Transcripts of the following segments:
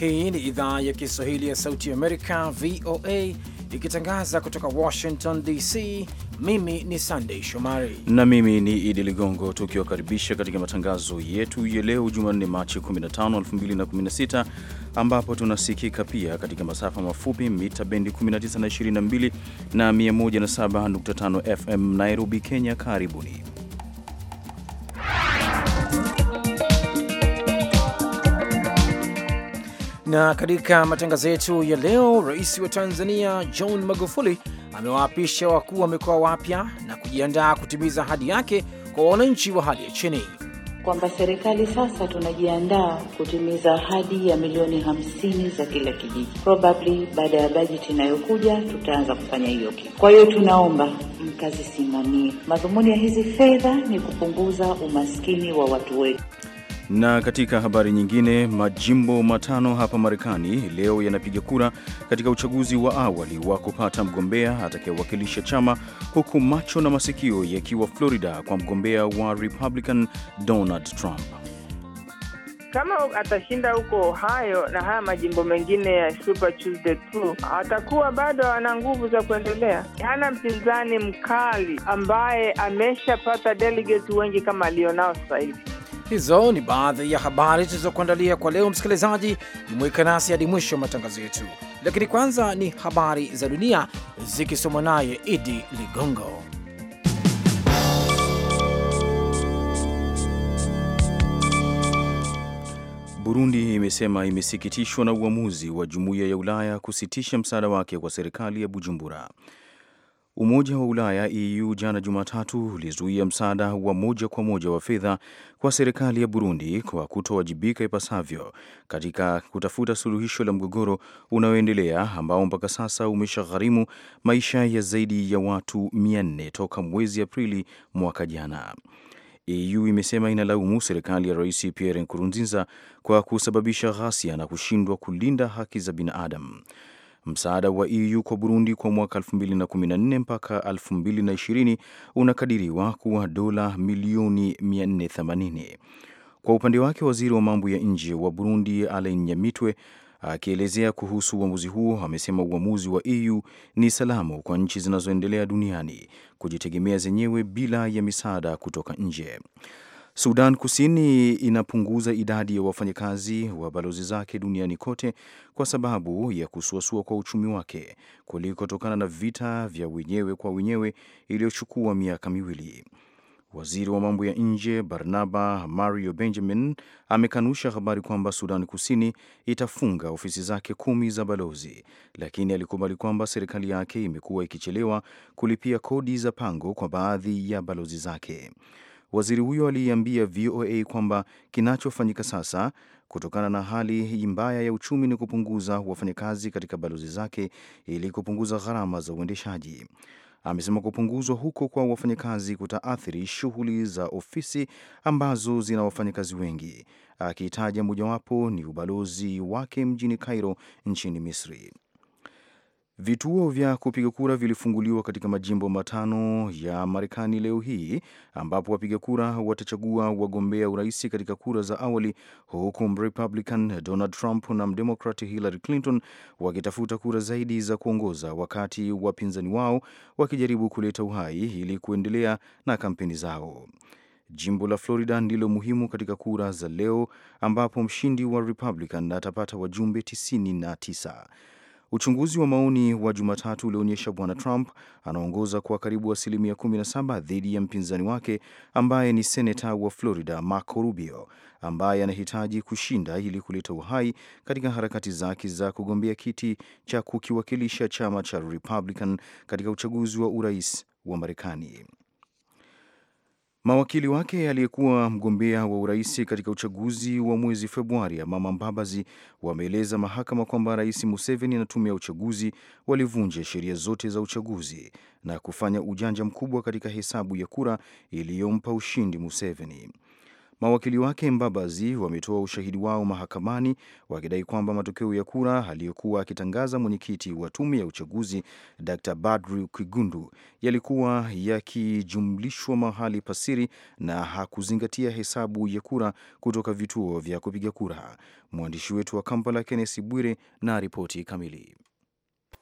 Hii ni idhaa ya Kiswahili ya Sauti Amerika, VOA, ikitangaza kutoka Washington DC. Mimi ni Sandei Shomari na mimi ni Idi Ligongo, tukiwakaribisha katika matangazo yetu ya leo Jumanne, Machi 15, 2016, ambapo tunasikika pia katika masafa mafupi mita bendi 19, 22 na 107.5 FM Nairobi, Kenya. Karibuni. Na katika matangazo yetu ya leo, rais wa Tanzania John Magufuli amewaapisha wakuu wa mikoa wapya na kujiandaa kutimiza ahadi yake kwa wananchi wa hali ya chini, kwamba serikali sasa tunajiandaa kutimiza ahadi ya milioni hamsini za kila kijiji. Probably baada ya bajeti inayokuja tutaanza kufanya hiyo kitu. Kwa hiyo tunaomba mkazisimamie. Madhumuni ya hizi fedha ni kupunguza umaskini wa watu wetu. Na katika habari nyingine, majimbo matano hapa Marekani leo yanapiga kura katika uchaguzi wa awali wa kupata mgombea atakayewakilisha chama, huku macho na masikio yakiwa Florida kwa mgombea wa Republican Donald Trump. Kama atashinda huko Ohio na haya majimbo mengine ya Super Tuesday tu, atakuwa bado ana nguvu za kuendelea. Hana mpinzani mkali ambaye ameshapata delegate wengi kama alionao sasa hivi. Hizo ni baadhi ya habari tulizokuandalia kwa leo. Msikilizaji, jumuika nasi hadi mwisho wa matangazo yetu, lakini kwanza ni habari za dunia zikisomwa naye Idi Ligongo. Burundi imesema imesikitishwa na uamuzi wa jumuiya ya Ulaya kusitisha msaada wake kwa serikali ya Bujumbura. Umoja wa Ulaya EU jana Jumatatu ulizuia msaada wa moja kwa moja wa fedha kwa serikali ya Burundi kwa kutowajibika ipasavyo katika kutafuta suluhisho la mgogoro unaoendelea ambao mpaka sasa umeshagharimu maisha ya zaidi ya watu 400 toka mwezi Aprili mwaka jana. EU imesema inalaumu serikali ya Rais Pierre Nkurunziza kwa kusababisha ghasia na kushindwa kulinda haki za binadamu. Msaada wa EU kwa Burundi kwa mwaka 2014 mpaka 2020 unakadiriwa kuwa dola milioni 480. Kwa upande wake, waziri wa mambo ya nje wa Burundi Alain Nyamitwe akielezea kuhusu uamuzi huo amesema uamuzi wa EU ni salamu kwa nchi zinazoendelea duniani kujitegemea zenyewe bila ya misaada kutoka nje. Sudan Kusini inapunguza idadi ya wafanyakazi wa balozi zake duniani kote kwa sababu ya kusuasua kwa uchumi wake kulikotokana na vita vya wenyewe kwa wenyewe iliyochukua miaka miwili. Waziri wa mambo ya nje Barnaba Mario Benjamin amekanusha habari kwamba Sudan Kusini itafunga ofisi zake kumi za balozi, lakini alikubali kwamba serikali yake imekuwa ikichelewa kulipia kodi za pango kwa baadhi ya balozi zake. Waziri huyo aliiambia VOA kwamba kinachofanyika sasa kutokana na hali mbaya ya uchumi ni kupunguza wafanyakazi katika balozi zake ili kupunguza gharama za uendeshaji. Amesema kupunguzwa huko kwa wafanyakazi kutaathiri shughuli za ofisi ambazo zina wafanyakazi wengi, akitaja mojawapo ni ubalozi wake mjini Cairo nchini Misri. Vituo vya kupiga kura vilifunguliwa katika majimbo matano ya Marekani leo hii ambapo wapiga kura watachagua wagombea urais katika kura za awali, huku Mrepublican Donald Trump na Mdemokrat Hillary Clinton wakitafuta kura zaidi za kuongoza, wakati wapinzani wao wakijaribu kuleta uhai ili kuendelea na kampeni zao. Jimbo la Florida ndilo muhimu katika kura za leo ambapo mshindi wa Republican atapata wajumbe 99. Uchunguzi wa maoni wa Jumatatu ulionyesha bwana Trump anaongoza kwa karibu asilimia 17 dhidi ya mpinzani wake ambaye ni seneta wa Florida Marco Rubio, ambaye anahitaji kushinda ili kuleta uhai katika harakati zake za kugombea kiti cha kukiwakilisha chama cha Republican katika uchaguzi wa urais wa Marekani. Mawakili wake aliyekuwa mgombea wa urais katika uchaguzi wa mwezi Februari, Amama Mbabazi, wameeleza mahakama kwamba Rais Museveni na tume ya uchaguzi walivunja sheria zote za uchaguzi na kufanya ujanja mkubwa katika hesabu ya kura iliyompa ushindi Museveni. Mawakili wake Mbabazi wametoa ushahidi wao mahakamani wakidai kwamba matokeo ya kura aliyokuwa akitangaza mwenyekiti wa tume ya uchaguzi Dr. Badru Kigundu yalikuwa yakijumlishwa mahali pasiri na hakuzingatia hesabu ya kura kutoka vituo vya kupiga kura. Mwandishi wetu wa Kampala Kennesi Bwire na ripoti kamili.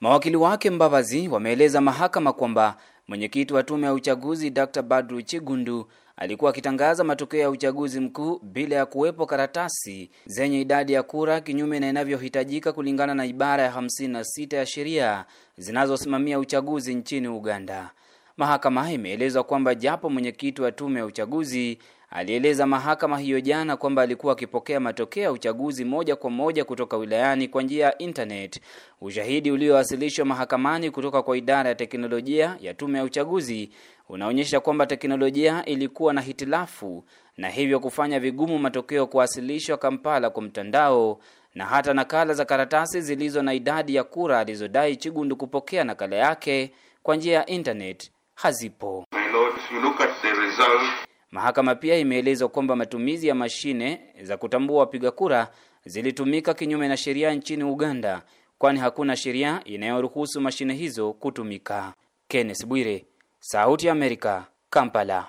Mawakili wake Mbabazi wameeleza mahakama kwamba mwenyekiti wa tume ya uchaguzi Dr. Badru Chigundu alikuwa akitangaza matokeo ya uchaguzi mkuu bila ya kuwepo karatasi zenye idadi ya kura, kinyume na inavyohitajika kulingana na ibara ya 56 ya sheria zinazosimamia uchaguzi nchini Uganda. Mahakama imeelezwa kwamba japo mwenyekiti wa tume ya uchaguzi alieleza mahakama hiyo jana kwamba alikuwa akipokea matokeo ya uchaguzi moja kwa moja kutoka wilayani kwa njia ya intanet Ushahidi uliowasilishwa mahakamani kutoka kwa idara ya teknolojia ya tume ya uchaguzi unaonyesha kwamba teknolojia ilikuwa na hitilafu na hivyo kufanya vigumu matokeo kuwasilishwa Kampala kwa mtandao na hata nakala za karatasi zilizo na idadi ya kura alizodai Chigundu kupokea nakala yake kwa njia ya intanet hazipo. My Lord, you look at the result Mahakama pia imeeleza kwamba matumizi ya mashine za kutambua wapiga kura zilitumika kinyume na sheria nchini Uganda, kwani hakuna sheria inayoruhusu mashine hizo kutumika. Kenneth Bwire, Sauti ya Amerika, Kampala.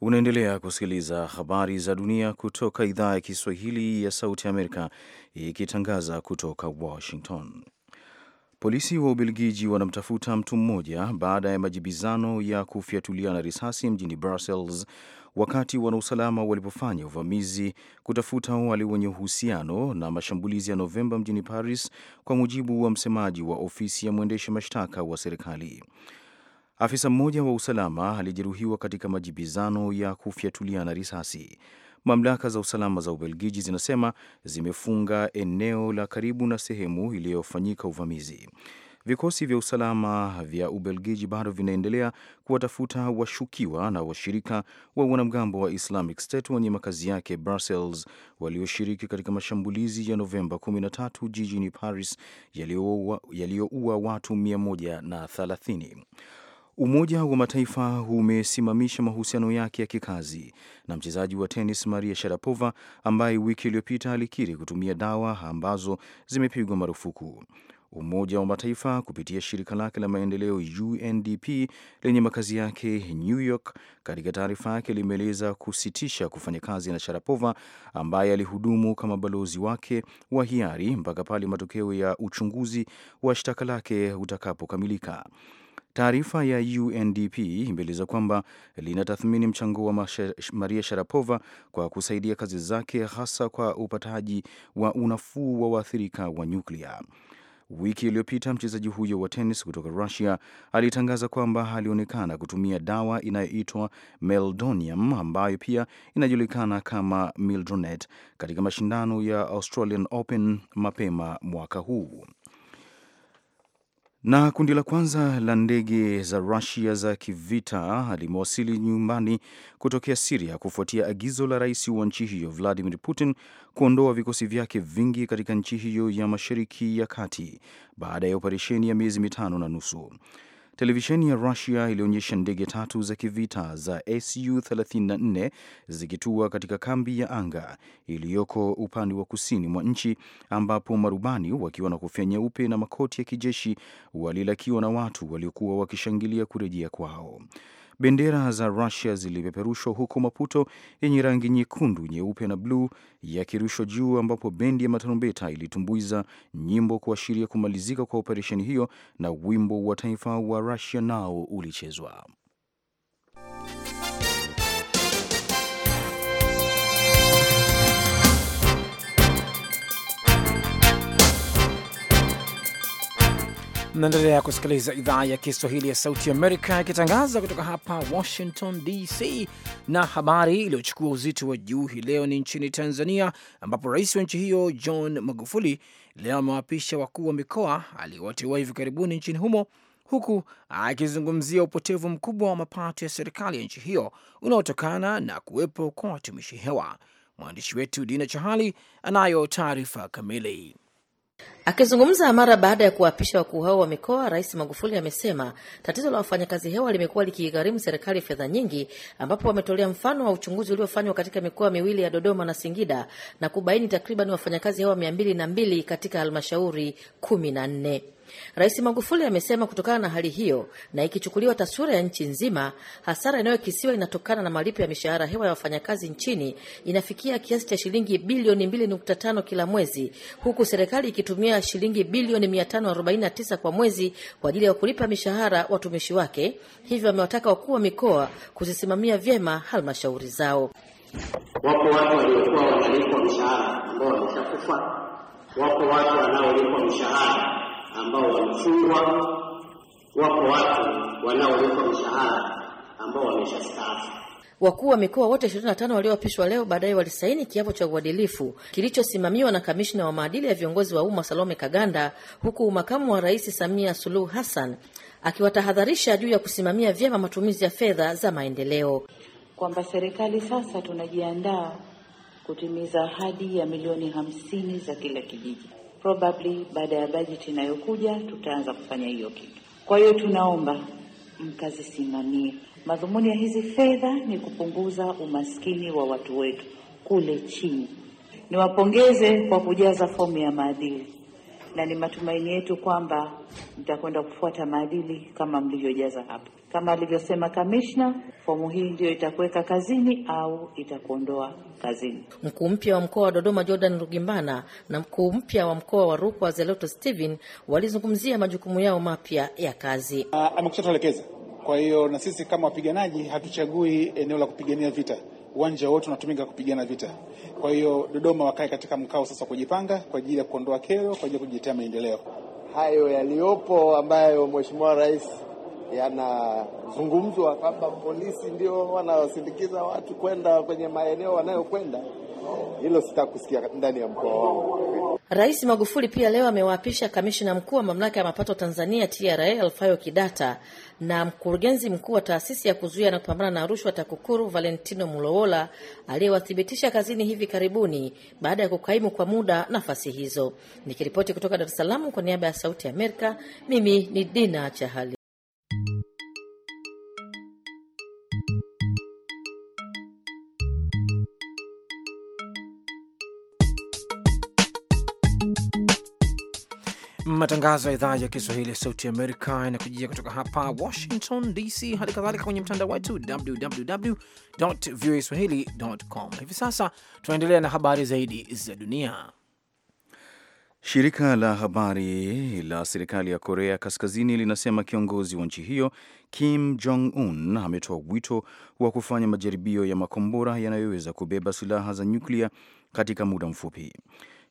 Unaendelea kusikiliza habari za dunia kutoka idhaa ya Kiswahili ya Sauti ya Amerika ikitangaza kutoka Washington. Polisi wa Ubelgiji wanamtafuta mtu mmoja baada ya majibizano ya kufyatuliana risasi mjini Brussels wakati wanausalama walipofanya uvamizi kutafuta wale wenye uhusiano na mashambulizi ya Novemba mjini Paris, kwa mujibu wa msemaji wa ofisi ya mwendesha mashtaka wa serikali. Afisa mmoja wa usalama alijeruhiwa katika majibizano ya kufyatuliana risasi. Mamlaka za usalama za Ubelgiji zinasema zimefunga eneo la karibu na sehemu iliyofanyika uvamizi. Vikosi vya usalama vya Ubelgiji bado vinaendelea kuwatafuta washukiwa na washirika wa wanamgambo wa Islamic State wenye makazi yake Brussels walioshiriki katika mashambulizi ya Novemba 13 jijini Paris yaliyoua watu 130. Umoja wa Mataifa umesimamisha mahusiano yake ya kikazi na mchezaji wa tenis Maria Sharapova ambaye wiki iliyopita alikiri kutumia dawa ambazo zimepigwa marufuku. Umoja wa Mataifa kupitia shirika lake la maendeleo UNDP lenye makazi yake New York, katika taarifa yake limeeleza kusitisha kufanya kazi na Sharapova ambaye alihudumu kama balozi wake wa hiari mpaka pale matokeo ya uchunguzi wa shtaka lake utakapokamilika. Taarifa ya UNDP imeeleza kwamba linatathmini mchango wa Maria Sharapova kwa kusaidia kazi zake hasa kwa upataji wa unafuu wa waathirika wa nyuklia. Wiki iliyopita mchezaji huyo wa tenis kutoka Russia alitangaza kwamba alionekana kutumia dawa inayoitwa meldonium ambayo pia inajulikana kama mildronet katika mashindano ya Australian Open mapema mwaka huu. Na kundi la kwanza la ndege za Rusia za kivita limewasili nyumbani kutokea Siria kufuatia agizo la rais wa nchi hiyo Vladimir Putin kuondoa vikosi vyake vingi katika nchi hiyo ya Mashariki ya Kati baada ya operesheni ya miezi mitano na nusu. Televisheni ya Rusia ilionyesha ndege tatu za kivita za Su-34 zikitua katika kambi ya anga iliyoko upande wa kusini mwa nchi, ambapo marubani wakiwa na kofia nyeupe na makoti ya kijeshi walilakiwa na watu waliokuwa wakishangilia kurejea kwao. Bendera za Rusia zilipeperushwa huko Maputo, yenye rangi nyekundu, nyeupe na bluu, yakirushwa juu, ambapo bendi ya matarumbeta ilitumbuiza nyimbo kuashiria kumalizika kwa operesheni hiyo, na wimbo wa taifa wa Rusia nao ulichezwa. Mnaendelea kusikiliza idhaa ya Kiswahili ya Sauti Amerika ikitangaza kutoka hapa Washington DC. Na habari iliyochukua uzito wa juu hii leo ni nchini Tanzania, ambapo rais wa nchi hiyo John Magufuli leo amewapisha wakuu wa mikoa aliyowateua hivi karibuni nchini humo, huku akizungumzia upotevu mkubwa wa mapato ya serikali ya nchi hiyo unaotokana na kuwepo kwa watumishi hewa. Mwandishi wetu Dina Chahali anayo taarifa kamili. Akizungumza mara baada ya kuwaapisha wakuu hao wa mikoa, Rais Magufuli amesema tatizo la wafanyakazi hewa limekuwa likigharimu serikali fedha nyingi, ambapo wametolea mfano wa uchunguzi uliofanywa katika mikoa miwili ya Dodoma na Singida na kubaini takriban wafanyakazi hewa mia mbili na mbili katika halmashauri kumi na nne. Rais Magufuli amesema kutokana na hali hiyo na ikichukuliwa taswira ya nchi nzima, hasara inayokisiwa inatokana na malipo ya mishahara hewa ya wafanyakazi nchini inafikia kiasi cha shilingi bilioni 2.5 kila mwezi, huku serikali ikitumia shilingi bilioni 549 kwa mwezi kwa ajili ya kulipa mishahara watumishi wake. Hivyo amewataka wakuu wa mikoa kuzisimamia vyema halmashauri zao. Wapo watu waliokuwa wanalipwa mishahara ambao wameshakufa, wapo watu wanaolipwa mishahara ambao wamefungwa, wapo watu wanaolipwa mshahara ambao wameshastaafu. Wakuu wa mikoa wote 25 walioapishwa leo baadaye walisaini kiapo cha uadilifu kilichosimamiwa na kamishna wa maadili ya viongozi wa umma Salome Kaganda, huku makamu wa rais Samia Suluhu Hassan akiwatahadharisha juu ya kusimamia vyema matumizi ya fedha za maendeleo, kwamba serikali sasa tunajiandaa kutimiza ahadi ya milioni hamsini za kila kijiji probably baada ya bajeti inayokuja tutaanza kufanya hiyo kitu. Kwa hiyo tunaomba mkazisimamie. Madhumuni ya hizi fedha ni kupunguza umaskini wa watu wetu kule chini. Niwapongeze kwa kujaza fomu ya maadili na ni matumaini yetu kwamba mtakwenda kufuata maadili kama mlivyojaza hapa. Kama alivyosema kamishna, fomu hii ndiyo itakuweka kazini au itakuondoa kazini. Mkuu mpya wa mkoa wa Dodoma Jordan Rugimbana na mkuu mpya wa mkoa wa Rukwa Zeloto Steven walizungumzia majukumu yao mapya ya kazi. Ah, amekusha tuelekeza Kwa hiyo na sisi kama wapiganaji hatuchagui eneo la kupigania vita uwanja wote unatumika kupigana vita. Kwa hiyo Dodoma wakae katika mkao sasa kujipanga kwa ajili ya kuondoa kero, kwa ajili ya kujitea maendeleo hayo yaliyopo ambayo Mheshimiwa Rais yanazungumzwa kwamba polisi ndio wanaosindikiza watu kwenda kwenye maeneo wanayokwenda hilo sitakusikia ndani ya mkoa wangu. Rais Magufuli pia leo amewaapisha kamishina mkuu wa mamlaka ya mapato Tanzania TRA Alfayo Kidata na mkurugenzi mkuu wa taasisi ya kuzuia na kupambana na rushwa TAKUKURU Valentino Mulowola aliyewathibitisha kazini hivi karibuni baada ya kukaimu kwa muda nafasi hizo. Nikiripoti kutoka Dar es Salaam kwa niaba ya Sauti ya Amerika, mimi ni Dina Chahali. matangazo ya idhaa ya Kiswahili ya Sauti Amerika yanakujia kutoka hapa Washington DC, hali kadhalika kwenye mtandao wetu www voa swahilicom. Hivi sasa tunaendelea na habari zaidi za dunia. Shirika la habari la serikali ya Korea Kaskazini linasema kiongozi wa nchi hiyo Kim Jong Un ametoa wito wa kufanya majaribio ya makombora yanayoweza kubeba silaha za nyuklia katika muda mfupi.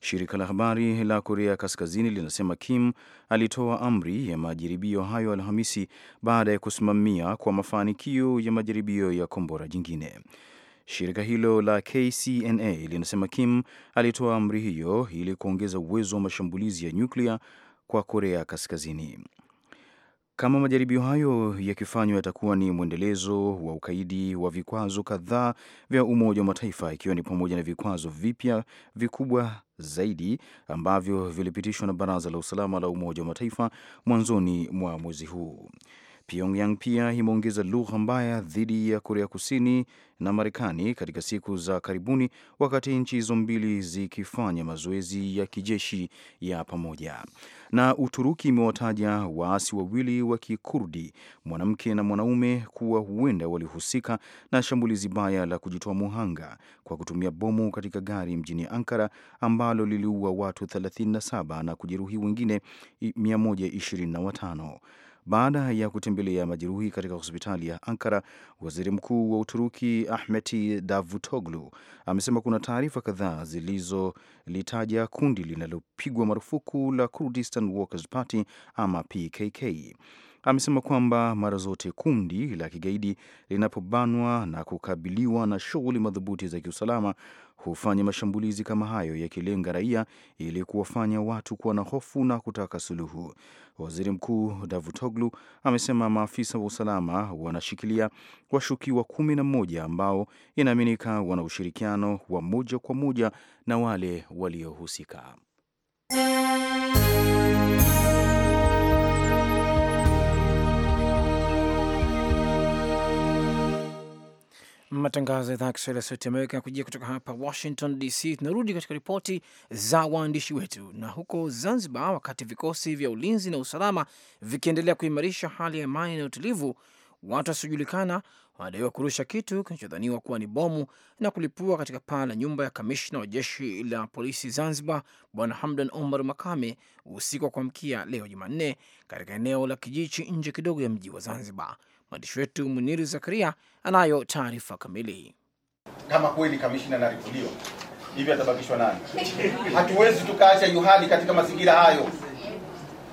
Shirika la habari la Korea Kaskazini linasema Kim alitoa amri ya majaribio hayo Alhamisi baada ya kusimamia kwa mafanikio ya majaribio ya kombora jingine. Shirika hilo la KCNA linasema Kim alitoa amri hiyo ili kuongeza uwezo wa mashambulizi ya nyuklia kwa Korea Kaskazini. Kama majaribio hayo yakifanywa, yatakuwa ni mwendelezo wa ukaidi wa vikwazo kadhaa vya Umoja wa Mataifa, ikiwa ni pamoja na vikwazo vipya vikubwa zaidi ambavyo vilipitishwa na Baraza la Usalama la Umoja wa Mataifa mwanzoni mwa mwezi huu. Pyongyang pia imeongeza lugha mbaya dhidi ya Korea Kusini na Marekani katika siku za karibuni, wakati nchi hizo mbili zikifanya mazoezi ya kijeshi ya pamoja. Na Uturuki imewataja waasi wawili wa Kikurdi, mwanamke na mwanaume, kuwa huenda walihusika na shambulizi baya la kujitoa muhanga kwa kutumia bomu katika gari mjini Ankara ambalo liliua watu 37 na kujeruhi wengine 125 baada ya kutembelea majeruhi katika hospitali ya Ankara. Waziri Mkuu wa Uturuki Ahmet Davutoglu amesema kuna taarifa kadhaa zilizolitaja kundi linalopigwa marufuku la Kurdistan Workers Party ama PKK. Amesema kwamba mara zote kundi la kigaidi linapobanwa na kukabiliwa na shughuli madhubuti za kiusalama hufanya mashambulizi kama hayo yakilenga raia ili kuwafanya watu kuwa na hofu na kutaka suluhu. Waziri Mkuu Davutoglu amesema maafisa wa usalama wanashikilia washukiwa kumi na mmoja ambao inaaminika wana ushirikiano wa moja kwa moja na wale waliohusika. Matangazo ya idhaa ya Kiswahili ya Sauti Amerika yakujia kutoka hapa Washington DC. Tunarudi katika ripoti za waandishi wetu. Na huko Zanzibar, wakati vikosi vya ulinzi na usalama vikiendelea kuimarisha hali ya amani na utulivu, watu wasiojulikana wanadaiwa kurusha kitu kinachodhaniwa kuwa ni bomu na kulipua katika paa la nyumba ya kamishna wa jeshi la polisi Zanzibar, Bwana Hamdan Omar Makame, usiku wa kuamkia leo Jumanne, katika eneo la Kijichi, nje kidogo ya mji wa Zanzibar. Mwandishi wetu Muniri Zakaria anayo taarifa kamili. Kama kweli kamishina anaripuliwa hivi, atabakishwa nani? Hatuwezi tukaacha yuhali katika mazingira hayo,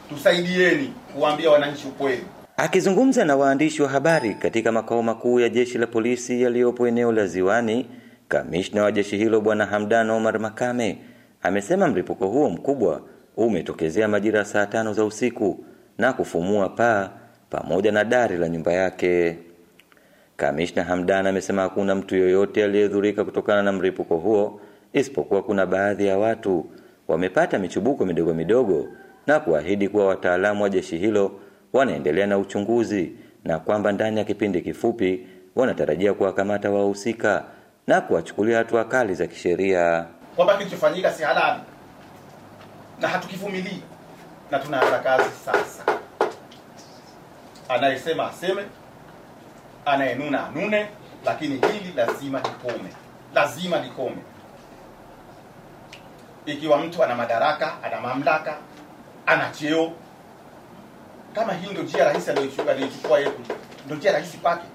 tusaidieni kuwaambia wananchi ukweli. Akizungumza na waandishi wa habari katika makao makuu ya jeshi la polisi yaliyopo eneo la Ziwani, kamishna wa jeshi hilo Bwana Hamdan Omar Makame amesema mlipuko huo mkubwa umetokezea majira saa tano za usiku na kufumua paa pamoja na dari la nyumba yake. Kamishna Hamdan amesema hakuna mtu yoyote aliyedhurika kutokana na mripuko huo isipokuwa kuna baadhi ya watu wamepata michubuko midogo midogo na kuahidi kuwa wataalamu wa jeshi hilo wanaendelea na uchunguzi na kwamba ndani ya kipindi kifupi wanatarajia kuwakamata wahusika na kuwachukulia hatua kali za kisheria, kwamba kilichofanyika si halali na hatukivumilii na tunaanza kazi sasa anayesema aseme, anayenuna anune, lakini hili lazima likome, lazima likome. Ikiwa mtu ana madaraka, ana mamlaka, ana cheo, kama hii ndio njia rahisi aliyochukua yeye, ndio njia rahisi kwake,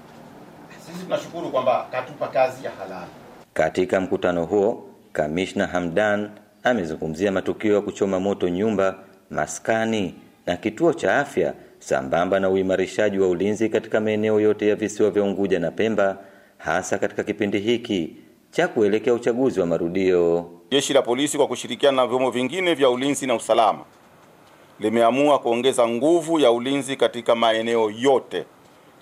sisi tunashukuru kwamba katupa kazi ya halali. Katika mkutano huo, kamishna Hamdan amezungumzia matukio ya kuchoma moto nyumba, maskani na kituo cha afya sambamba na uimarishaji wa ulinzi katika maeneo yote ya visiwa vya Unguja na Pemba, hasa katika kipindi hiki cha kuelekea uchaguzi wa marudio. Jeshi la Polisi kwa kushirikiana na vyombo vingine vya ulinzi na usalama limeamua kuongeza nguvu ya ulinzi katika maeneo yote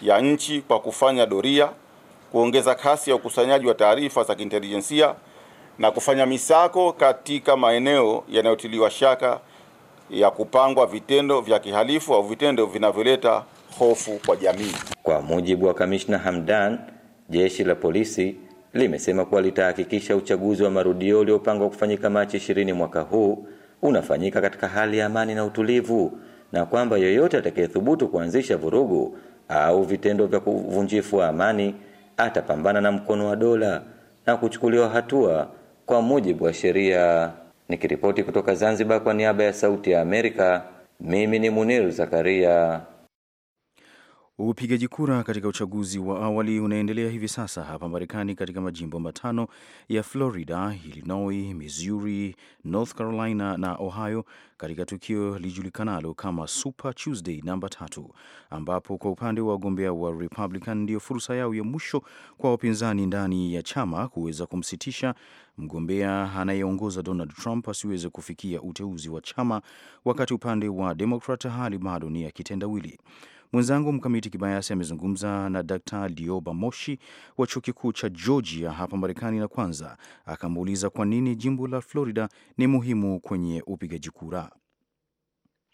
ya nchi kwa kufanya doria, kuongeza kasi ya ukusanyaji wa taarifa za kiintelijensia na kufanya misako katika maeneo yanayotiliwa shaka ya kupangwa vitendo vya kihalifu au vitendo vinavyoleta hofu kwa jamii. Kwa mujibu wa Kamishna Hamdan, jeshi la polisi limesema kuwa litahakikisha uchaguzi wa marudio uliopangwa kufanyika Machi 20 mwaka huu unafanyika katika hali ya amani na utulivu, na kwamba yeyote atakayethubutu kuanzisha vurugu au vitendo vya kuvunjifu wa amani atapambana na mkono wa dola na kuchukuliwa hatua kwa mujibu wa sheria. Nikiripoti kutoka Zanzibar kwa niaba ya Sauti ya Amerika, mimi ni Munir Zakaria. Upigaji kura katika uchaguzi wa awali unaendelea hivi sasa hapa Marekani katika majimbo matano ya Florida, Illinois, Missouri, North Carolina na Ohio katika tukio lijulikanalo kama Super Tuesday namba tatu, ambapo kwa upande wa wagombea wa Republican ndiyo fursa yao ya mwisho kwa wapinzani ndani ya chama kuweza kumsitisha mgombea anayeongoza Donald Trump asiweze kufikia uteuzi wa chama, wakati upande wa Demokrat hali bado ni ya kitendawili. Mwenzangu Mkamiti Kibayasi amezungumza na dkt Lioba Moshi wa chuo kikuu cha Georgia hapa Marekani, na kwanza akamuuliza kwa nini jimbo la Florida ni muhimu kwenye upigaji kura.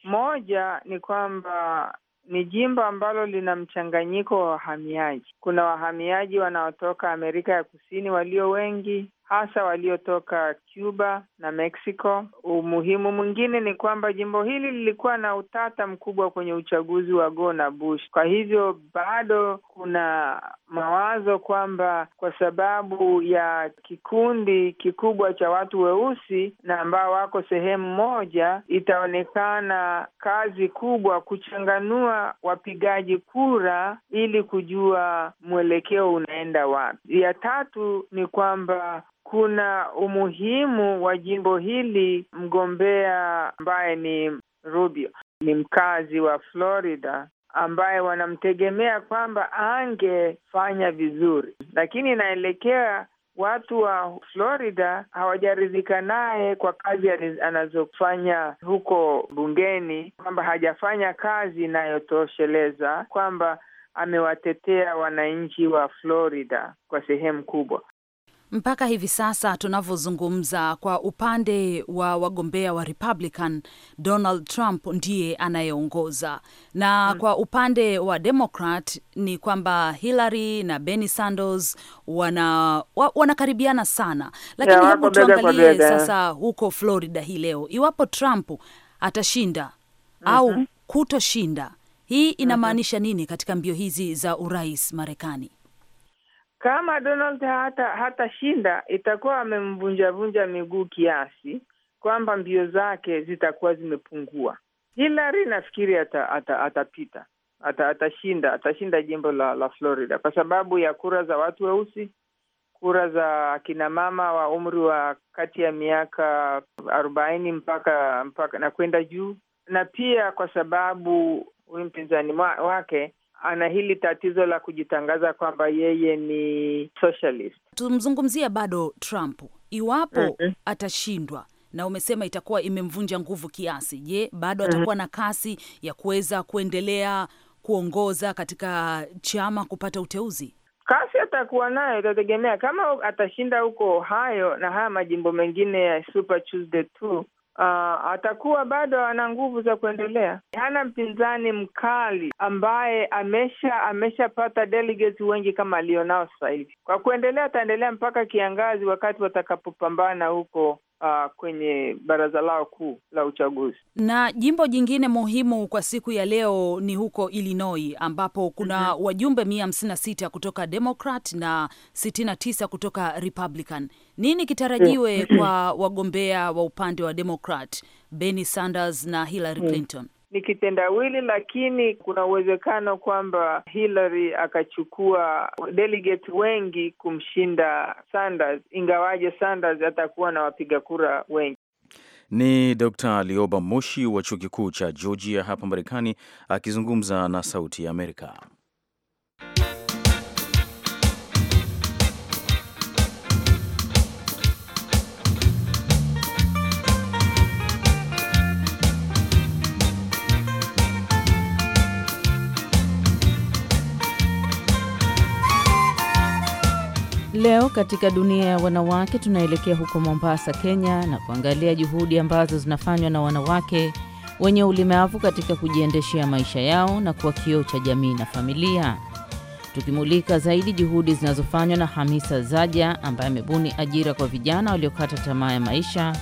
Moja ni kwamba ni jimbo ambalo lina mchanganyiko wa wahamiaji. Kuna wahamiaji wanaotoka Amerika ya Kusini walio wengi, hasa waliotoka Cuba na Mexico. Umuhimu mwingine ni kwamba jimbo hili lilikuwa na utata mkubwa kwenye uchaguzi wa Gore na Bush. Kwa hivyo bado kuna mawazo kwamba kwa sababu ya kikundi kikubwa cha watu weusi na ambao wako sehemu moja, itaonekana kazi kubwa kuchanganua wapigaji kura ili kujua mwelekeo unaenda wapi. Ya tatu ni kwamba kuna umuhimu wa jimbo hili. Mgombea ambaye ni Rubio ni mkazi wa Florida ambaye wanamtegemea kwamba angefanya vizuri, lakini inaelekea watu wa Florida hawajaridhika naye kwa kazi anazofanya huko bungeni, kwamba hajafanya kazi inayotosheleza, kwamba amewatetea wananchi wa Florida kwa sehemu kubwa. Mpaka hivi sasa tunavyozungumza, kwa upande wa wagombea wa Republican, Donald Trump ndiye anayeongoza na hmm, Kwa upande wa Democrat ni kwamba Hillary na Bernie Sanders wana wanakaribiana sana, lakini yeah, hebu tuangalie sasa huko Florida hii leo, iwapo Trump atashinda mm -hmm. au kutoshinda, hii inamaanisha mhm. nini katika mbio hizi za urais Marekani? Kama Donald hata hatashinda itakuwa amemvunjavunja miguu kiasi kwamba mbio zake zitakuwa zimepungua. Hillary nafikiri atapita ata, ata ata, atashinda atashinda jimbo la, la Florida kwa sababu ya kura za watu weusi, kura za akina mama wa umri wa kati ya miaka arobaini mpaka, mpaka na kwenda juu, na pia kwa sababu huyu mpinzani wake ana hili tatizo la kujitangaza kwamba yeye ni socialist. Tumzungumzia bado Trump iwapo mm -hmm. atashindwa na umesema itakuwa imemvunja nguvu kiasi. Je, bado mhm. atakuwa na kasi ya kuweza kuendelea kuongoza katika chama kupata uteuzi? Kasi atakuwa nayo, itategemea kama atashinda huko Ohio na haya majimbo mengine ya Super Tuesday tu, uh, atakuwa bado ana nguvu za kuendelea. Hana mpinzani mkali ambaye amesha ameshapata delegates wengi kama alionao sasa hivi. Kwa kuendelea, ataendelea mpaka kiangazi, wakati watakapopambana huko uh, kwenye baraza lao kuu la uchaguzi. Na jimbo jingine muhimu kwa siku ya leo ni huko Illinois ambapo kuna mm -hmm. wajumbe mia hamsini na sita kutoka Democrat na sitini na tisa kutoka Republican. Nini kitarajiwe mm -hmm. kwa wagombea wa upande wa Democrat Bernie Sanders na Hillary mm. Clinton? mm -hmm ni kitendawili, lakini kuna uwezekano kwamba Hillary akachukua delegate wengi kumshinda Sanders, ingawaje Sanders atakuwa na wapiga kura wengi. Ni Dr. Lioba Moshi wa chuo kikuu cha Georgia hapa Marekani akizungumza na Sauti ya Amerika. Leo katika dunia ya wanawake tunaelekea huko Mombasa, Kenya na kuangalia juhudi ambazo zinafanywa na wanawake wenye ulemavu katika kujiendeshea maisha yao na kuwa kioo cha jamii na familia. Tukimulika zaidi juhudi zinazofanywa na Hamisa Zaja ambaye amebuni ajira kwa vijana waliokata tamaa ya maisha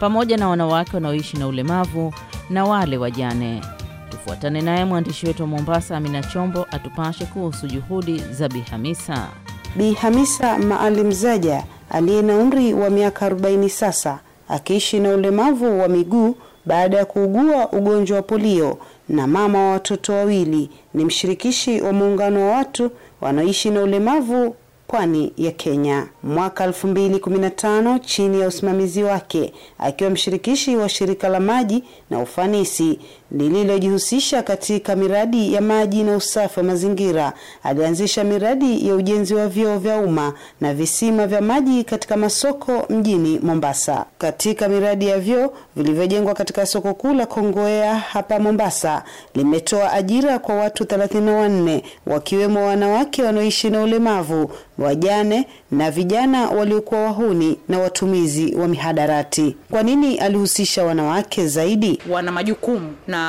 pamoja na wanawake wanaoishi na ulemavu na wale wajane. Tufuatane naye mwandishi wetu wa Mombasa Amina Chombo atupashe kuhusu juhudi za bihamisa Bi Hamisa Maalim Zaja aliye na umri wa miaka 40 sasa akiishi na ulemavu wa miguu baada ya kuugua ugonjwa wa polio na mama wa watoto wawili, ni mshirikishi wa muungano wa watu wanaoishi na ulemavu pwani ya Kenya. Mwaka 2015 chini ya usimamizi wake akiwa mshirikishi wa shirika la maji na ufanisi lililojihusisha katika miradi ya maji na usafi wa mazingira. Alianzisha miradi ya ujenzi wa vyoo vya umma na visima vya maji katika masoko mjini Mombasa. Katika miradi ya vyoo vilivyojengwa katika soko kuu la kongoea hapa Mombasa, limetoa ajira kwa watu 34 wakiwemo wanawake wanaoishi na ulemavu, wajane na vijana waliokuwa wahuni na watumizi wa mihadarati. Kwa nini alihusisha wanawake zaidi? Wana majukumu na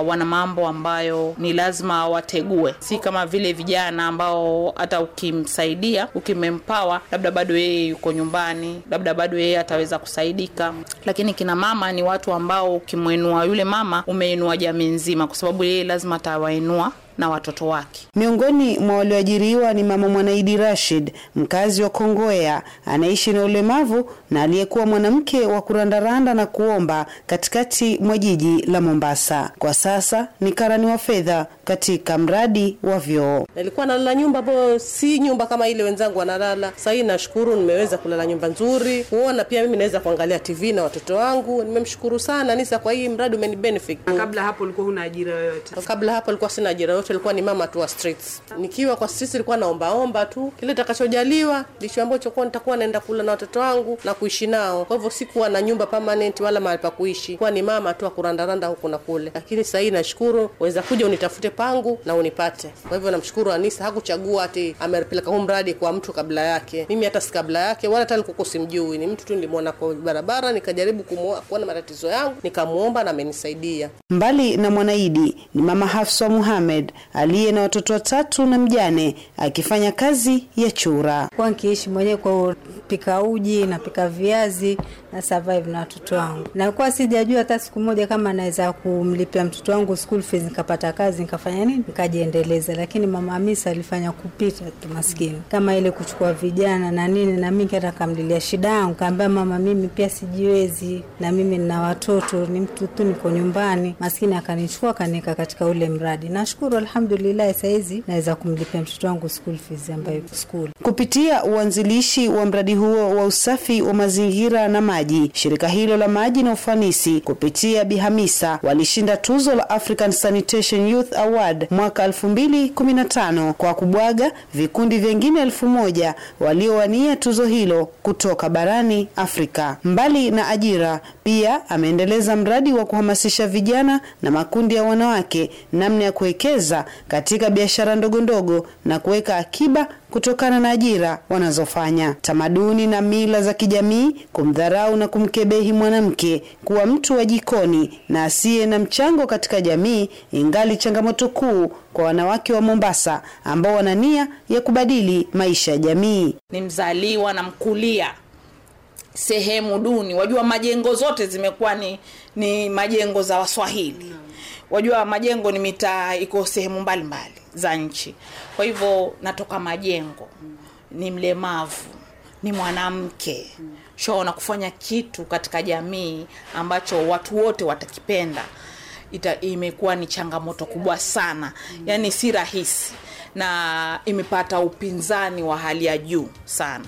wana mambo ambayo ni lazima wategue, si kama vile vijana ambao hata ukimsaidia ukimempawa labda bado yeye yuko nyumbani, labda bado yeye ataweza kusaidika. Lakini kina mama ni watu ambao ukimwinua yule mama umeinua jamii nzima, kwa sababu yeye lazima atawainua na watoto wake. Miongoni mwa walioajiriwa ni mama Mwanaidi Rashid, mkazi wa Kongoya anaishi na ulemavu na aliyekuwa mwanamke wa kurandaranda na kuomba katikati mwa jiji la Mombasa. Kwa sasa ni karani wa fedha katika mradi wa vyoo. Nilikuwa nalala nyumba ambayo si nyumba kama ile wenzangu wanalala. Sasa hii nashukuru, nimeweza kulala nyumba nzuri, kuona pia mimi naweza kuangalia TV na watoto wangu. Nimemshukuru sana Nisa kwa hii mradi umeni benefit. Kabla hapo ulikuwa huna ajira yoyote? Kabla hapo ulikuwa sina ajira yoyote, ulikuwa ni mama tu wa streets. Nikiwa kwa streets ilikuwa naombaomba tu, kile takachojaliwa, ndicho ambacho kwa nitakuwa naenda kula na watoto wangu na kuishi nao. Kwa hivyo sikuwa na nyumba permanent wala mahali pa kuishi, kwa ni mama tu akurandaranda huku na kule, lakini sasa hii nashukuru, waweza kuja unitafute pangu na unipate. Kwa hivyo namshukuru Anisa, hakuchagua ati amepeleka huu mradi kwa mtu kabla yake. Mimi hata si kabla yake, wala hata nilikuwa simjui, ni mtu tu nilimwona kwa barabara, nikajaribu kumuona, kuona matatizo yangu, nikamwomba na amenisaidia. Mbali na Mwanaidi ni mama Hafsa Muhamed aliye na watoto watatu na mjane, akifanya kazi ya chura. Kwa nkiishi mwenyewe kwa pika uji na pika viazi na survive na watoto wangu, na kwa sijajua hata siku moja kama naweza kumlipia mtoto wangu school fees, nikapata kazi nika nikafanya nini, nikajiendeleza. Lakini mama Hamisa alifanya kupita tu, maskini kama ile kuchukua vijana na nini, na mimi kata kamlilia shida yangu, kaambia mama, mimi pia sijiwezi, na mimi nina watoto, ni mtu tu, niko nyumbani. Maskini akanichukua akaniweka katika ule mradi. Nashukuru alhamdulillah, sahizi naweza kumlipia mtoto wangu school fees ambayo school. Kupitia uanzilishi wa mradi huo wa usafi wa mazingira na maji, shirika hilo la maji na ufanisi kupitia bihamisa walishinda tuzo la African Sanitation Youth Award Award mwaka 2015 kwa kubwaga vikundi vingine elfu moja waliowania tuzo hilo kutoka barani Afrika. Mbali na ajira, pia ameendeleza mradi wa kuhamasisha vijana na makundi ya wanawake namna ya kuwekeza katika biashara ndogondogo na kuweka akiba kutokana na ajira wanazofanya. Tamaduni na mila za kijamii kumdharau na kumkebehi mwanamke kuwa mtu wa jikoni na asiye na mchango katika jamii ingali changamoto kuu kwa wanawake wa Mombasa ambao wana nia ya kubadili maisha ya jamii. Ni mzaliwa na mkulia sehemu duni. Wajua majengo zote zimekuwa ni, ni majengo za Waswahili Wajua majengo ni mitaa iko sehemu mbalimbali za nchi, kwa hivyo natoka majengo Ni mlemavu, ni mwanamke mm. Shaona kufanya kitu katika jamii ambacho watu wote watakipenda ita, imekuwa ni changamoto kubwa sana yani si rahisi na imepata upinzani wa hali ya juu sana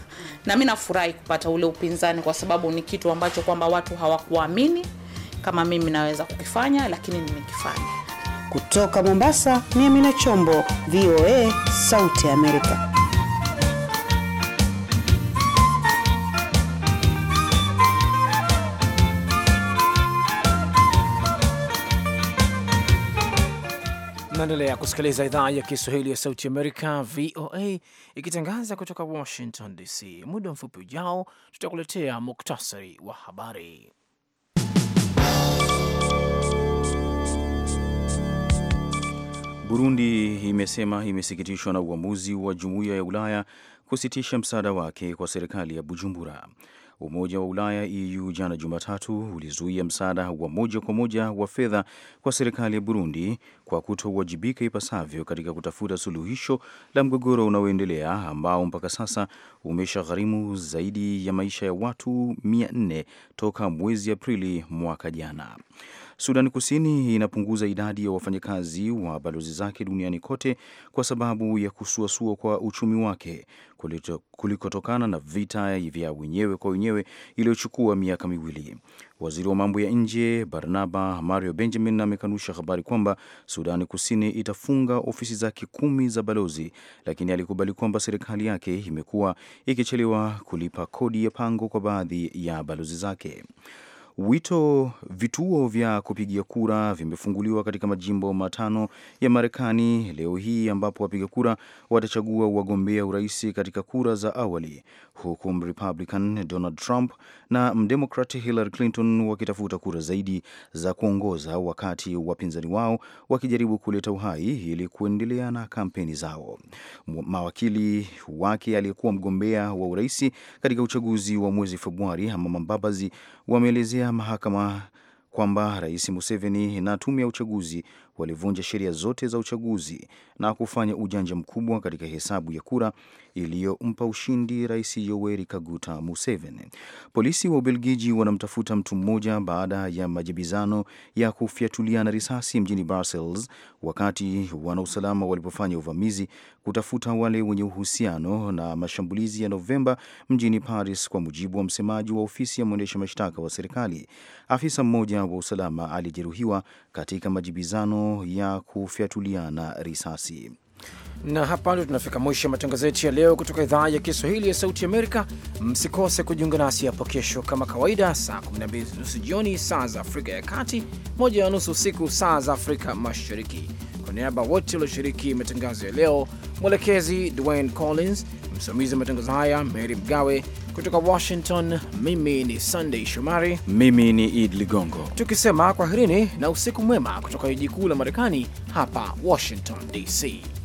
na mi nafurahi kupata ule upinzani kwa sababu ni kitu ambacho kwamba watu hawakuamini kama mimi naweza kukifanya lakini nimekifanya kutoka mombasa ni amina chombo voa sauti amerika Unaendelea kusikiliza idhaa ya Kiswahili ya Sauti Amerika, VOA, ikitangaza kutoka Washington DC. Muda mfupi ujao, tutakuletea muktasari wa habari. Burundi imesema imesikitishwa na uamuzi wa Jumuiya ya Ulaya kusitisha msaada wake kwa serikali ya Bujumbura. Umoja wa Ulaya EU jana Jumatatu ulizuia msaada wa moja kwa moja wa fedha kwa serikali ya Burundi kwa kutowajibika ipasavyo katika kutafuta suluhisho la mgogoro unaoendelea ambao mpaka sasa umeshagharimu zaidi ya maisha ya watu 400 toka mwezi Aprili mwaka jana. Sudan Kusini inapunguza idadi ya wafanyakazi wa balozi zake duniani kote kwa sababu ya kusuasua kwa uchumi wake kulikotokana na vita vya wenyewe kwa wenyewe iliyochukua miaka miwili. Waziri wa mambo ya nje Barnaba Mario Benjamin amekanusha habari kwamba Sudani Kusini itafunga ofisi zake kumi za balozi, lakini alikubali kwamba serikali yake imekuwa ikichelewa kulipa kodi ya pango kwa baadhi ya balozi zake wito. Vituo vya kupigia kura vimefunguliwa katika majimbo matano ya Marekani leo hii, ambapo wapiga kura watachagua wagombea urais katika kura za awali, huku Mrepublican Donald Trump na Mdemokrat Hillary Clinton wakitafuta kura zaidi za kuongoza, wakati wapinzani wao wakijaribu kuleta uhai ili kuendelea na kampeni zao. Mawakili wake aliyekuwa mgombea wa urais katika uchaguzi wa mwezi Februari, Amama Mbabazi, wameelezea ya mahakama kwamba Rais Museveni na tume ya uchaguzi walivunja sheria zote za uchaguzi na kufanya ujanja mkubwa katika hesabu ya kura iliyompa ushindi Rais Yoweri Kaguta Museveni. Polisi wa Ubelgiji wanamtafuta mtu mmoja baada ya majibizano ya kufyatuliana risasi mjini Brussels, wakati wanausalama walipofanya uvamizi kutafuta wale wenye uhusiano na mashambulizi ya Novemba mjini Paris, kwa mujibu wa msemaji wa ofisi ya mwendesha mashtaka wa serikali. Afisa mmoja wa usalama alijeruhiwa katika majibizano ya kufyatuliana risasi na hapa ndio tunafika mwisho matangazo yetu ya leo kutoka idhaa ya Kiswahili ya Sauti Amerika. Msikose kujiunga nasi hapo kesho kama kawaida, saa 12:30 jioni saa za Afrika ya Kati, moja na nusu usiku saa za Afrika Mashariki. Kwa niaba wote walioshiriki matangazo ya leo, mwelekezi Dwayne Collins, msimamizi wa matangazo haya Mary Mgawe kutoka Washington, mimi ni Sunday Shomari, mimi ni Id Ligongo, tukisema kwaherini na usiku mwema kutoka jiji kuu la Marekani hapa Washington DC.